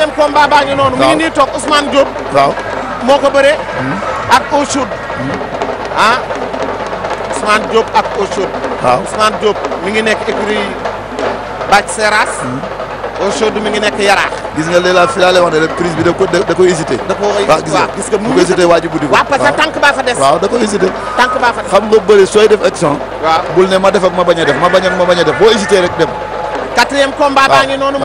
troisième combat baa ngi noonu. mi ngi nii toog Ousmane Diop. waaw moo ko bëree. Hmm. ak Ousud. ah Ousmane Diop ak Ousud. waaw Ousmane Diop mi ngi nekk écurie Bac Seras. Ousud hmm. mi ngi nekk Yaraax. gis nga li la wax ne rek prise bi da ko da koy da ko waaw gis nga mu ngi waa ji buddi ko. waaw parce que tànk baa fa des. waaw xam nga bëri sooy def action. bul ne ma def ma bañ a def ma bañ ak ma a def boo hésité rek dem. quatrième combat baa ngi noonu.